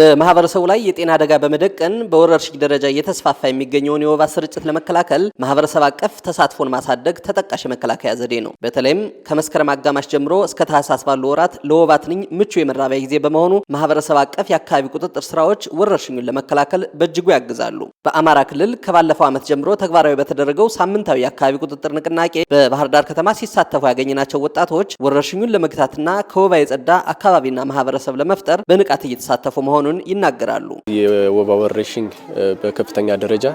በማህበረሰቡ ላይ የጤና አደጋ በመደቀን በወረርሽኝ ደረጃ እየተስፋፋ የሚገኘውን የወባ ስርጭት ለመከላከል ማህበረሰብ አቀፍ ተሳትፎን ማሳደግ ተጠቃሽ የመከላከያ ዘዴ ነው። በተለይም ከመስከረም አጋማሽ ጀምሮ እስከ ታህሳስ ባሉ ወራት ለወባ ትንኝ ምቹ የመራቢያ ጊዜ በመሆኑ ማህበረሰብ አቀፍ የአካባቢ ቁጥጥር ስራዎች ወረርሽኙን ለመከላከል በእጅጉ ያግዛሉ። በአማራ ክልል ከባለፈው ዓመት ጀምሮ ተግባራዊ በተደረገው ሳምንታዊ የአካባቢ ቁጥጥር ንቅናቄ በባህር ዳር ከተማ ሲሳተፉ ያገኘናቸው ወጣቶች ወረርሽኙን ለመግታትና ከወባ የጸዳ አካባቢና ማህበረሰብ ለመፍጠር በንቃት እየተሳተፉ መሆኑን መሆኑን ይናገራሉ። የወባ ወረርሽኝ በከፍተኛ ደረጃ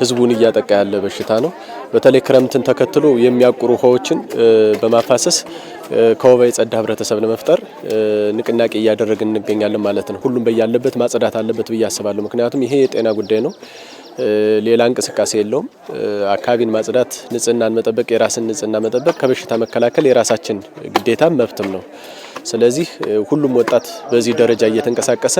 ህዝቡን እያጠቃ ያለ በሽታ ነው። በተለይ ክረምትን ተከትሎ የሚያቁሩ ውሃዎችን በማፋሰስ ከወባ የጸዳ ህብረተሰብ ለመፍጠር ንቅናቄ እያደረግን እንገኛለን ማለት ነው። ሁሉም በያለበት ማጽዳት አለበት ብዬ አስባለሁ። ምክንያቱም ይሄ የጤና ጉዳይ ነው። ሌላ እንቅስቃሴ የለውም። አካባቢን ማጽዳት፣ ንጽህናን መጠበቅ፣ የራስን ንጽህና መጠበቅ ከበሽታ መከላከል የራሳችን ግዴታም መብትም ነው። ስለዚህ ሁሉም ወጣት በዚህ ደረጃ እየተንቀሳቀሰ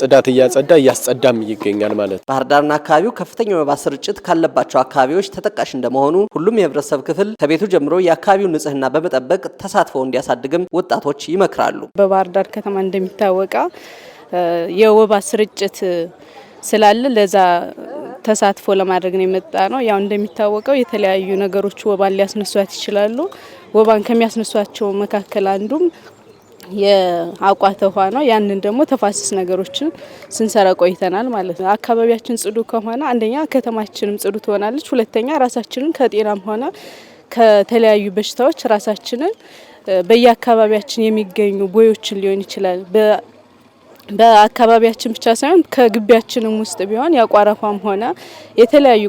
ጽዳት እያጸዳ እያስጸዳም ይገኛል ማለት ነው። ባህር ዳርና አካባቢው ከፍተኛ የወባ ስርጭት ካለባቸው አካባቢዎች ተጠቃሽ እንደመሆኑ ሁሉም የህብረተሰብ ክፍል ከቤቱ ጀምሮ የአካባቢውን ንጽህና በመጠበቅ ተሳትፎ እንዲያሳድግም ወጣቶች ይመክራሉ። በባህር ዳር ከተማ እንደሚታወቀው የወባ ስርጭት ስላለ ለዛ ተሳትፎ ለማድረግ ነው የመጣ ነው። ያው እንደሚታወቀው የተለያዩ ነገሮች ወባን ሊያስነሷት ይችላሉ። ወባን ከሚያስነሷቸው መካከል አንዱም የአቋተ ውሃ ነው። ያንን ደግሞ ተፋሰስ ነገሮችን ስንሰራ ቆይተናል ማለት ነው። አካባቢያችን ጽዱ ከሆነ አንደኛ ከተማችንም ጽዱ ትሆናለች፣ ሁለተኛ ራሳችንን ከጤናም ሆነ ከተለያዩ በሽታዎች ራሳችንን በየአካባቢያችን የሚገኙ ቦዮችን ሊሆን ይችላል በአካባቢያችን ብቻ ሳይሆን ከግቢያችንም ውስጥ ቢሆን ያቋረፋም ሆነ የተለያዩ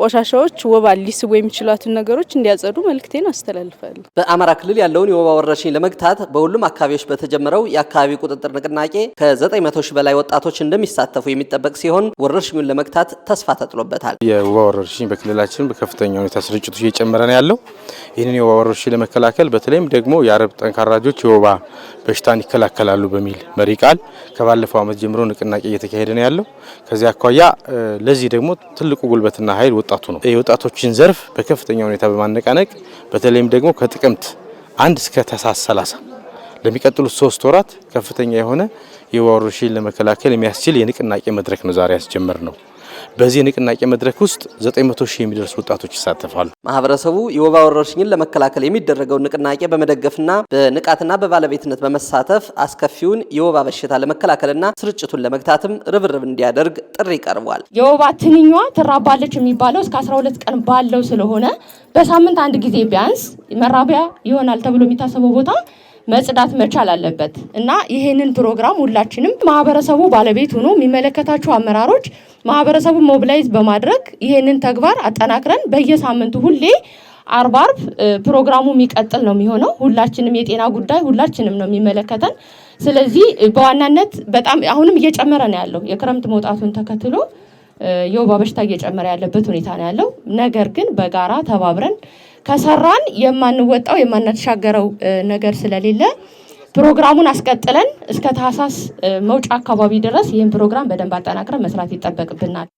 ቆሻሻዎች ወባ ሊስቡ የሚችሏትን ነገሮች እንዲያጸዱ መልእክቴን አስተላልፋለሁ። በአማራ ክልል ያለውን የወባ ወረርሽኝ ለመግታት በሁሉም አካባቢዎች በተጀመረው የአካባቢ ቁጥጥር ንቅናቄ ከ900 ሺህ በላይ ወጣቶች እንደሚሳተፉ የሚጠበቅ ሲሆን ወረርሽኙን ለመግታት ተስፋ ተጥሎበታል። የወባ ወረርሽኝ በክልላችን በከፍተኛ ሁኔታ ስርጭቱ እየጨመረ ነው ያለው። ይህንን የወባ ወረርሽኝ ለመከላከል በተለይም ደግሞ የአረብ ጠንካራጆች የወባ በሽታን ይከላከላሉ በሚል መሪ ቃል ከባለፈው ዓመት ጀምሮ ንቅናቄ እየተካሄደ ነው ያለው። ከዚህ አኳያ ለዚህ ደግሞ ትልቁ ጉልበትና ኃይል ወጣቱ ነው። የወጣቶችን ዘርፍ በከፍተኛ ሁኔታ በማነቃነቅ በተለይም ደግሞ ከጥቅምት አንድ እስከ ታህሳስ 30 ለሚቀጥሉት ሶስት ወራት ከፍተኛ የሆነ የወባ ለመከላከል የሚያስችል የንቅናቄ መድረክ ነው ዛሬ ያስጀመር ነው። በዚህ ንቅናቄ መድረክ ውስጥ 900 ሺህ የሚደርሱ ወጣቶች ይሳተፋሉ። ማህበረሰቡ የወባ ወረርሽኝን ለመከላከል የሚደረገውን ንቅናቄ በመደገፍና በንቃትና በባለቤትነት በመሳተፍ አስከፊውን የወባ በሽታ ለመከላከልና ስርጭቱን ለመግታትም ርብርብ እንዲያደርግ ጥሪ ቀርቧል። የወባ ትንኛ ትራባለች የሚባለው እስከ 12 ቀን ባለው ስለሆነ በሳምንት አንድ ጊዜ ቢያንስ መራቢያ ይሆናል ተብሎ የሚታሰበው ቦታ መጽዳት መቻል አለበት እና ይሄንን ፕሮግራም ሁላችንም ማህበረሰቡ ባለቤት ሆኖ የሚመለከታቸው አመራሮች ማህበረሰቡ ሞቢላይዝ በማድረግ ይሄንን ተግባር አጠናክረን በየሳምንቱ ሁሌ አርብ አርብ ፕሮግራሙ የሚቀጥል ነው የሚሆነው። ሁላችንም የጤና ጉዳይ ሁላችንም ነው የሚመለከተን። ስለዚህ በዋናነት በጣም አሁንም እየጨመረ ነው ያለው የክረምት መውጣቱን ተከትሎ የወባ በሽታ እየጨመረ ያለበት ሁኔታ ነው ያለው። ነገር ግን በጋራ ተባብረን ከሰራን የማንወጣው የማናሻገረው ነገር ስለሌለ ፕሮግራሙን አስቀጥለን እስከ ታህሳስ መውጫ አካባቢ ድረስ ይህን ፕሮግራም በደንብ አጠናክረን መስራት ይጠበቅብናል።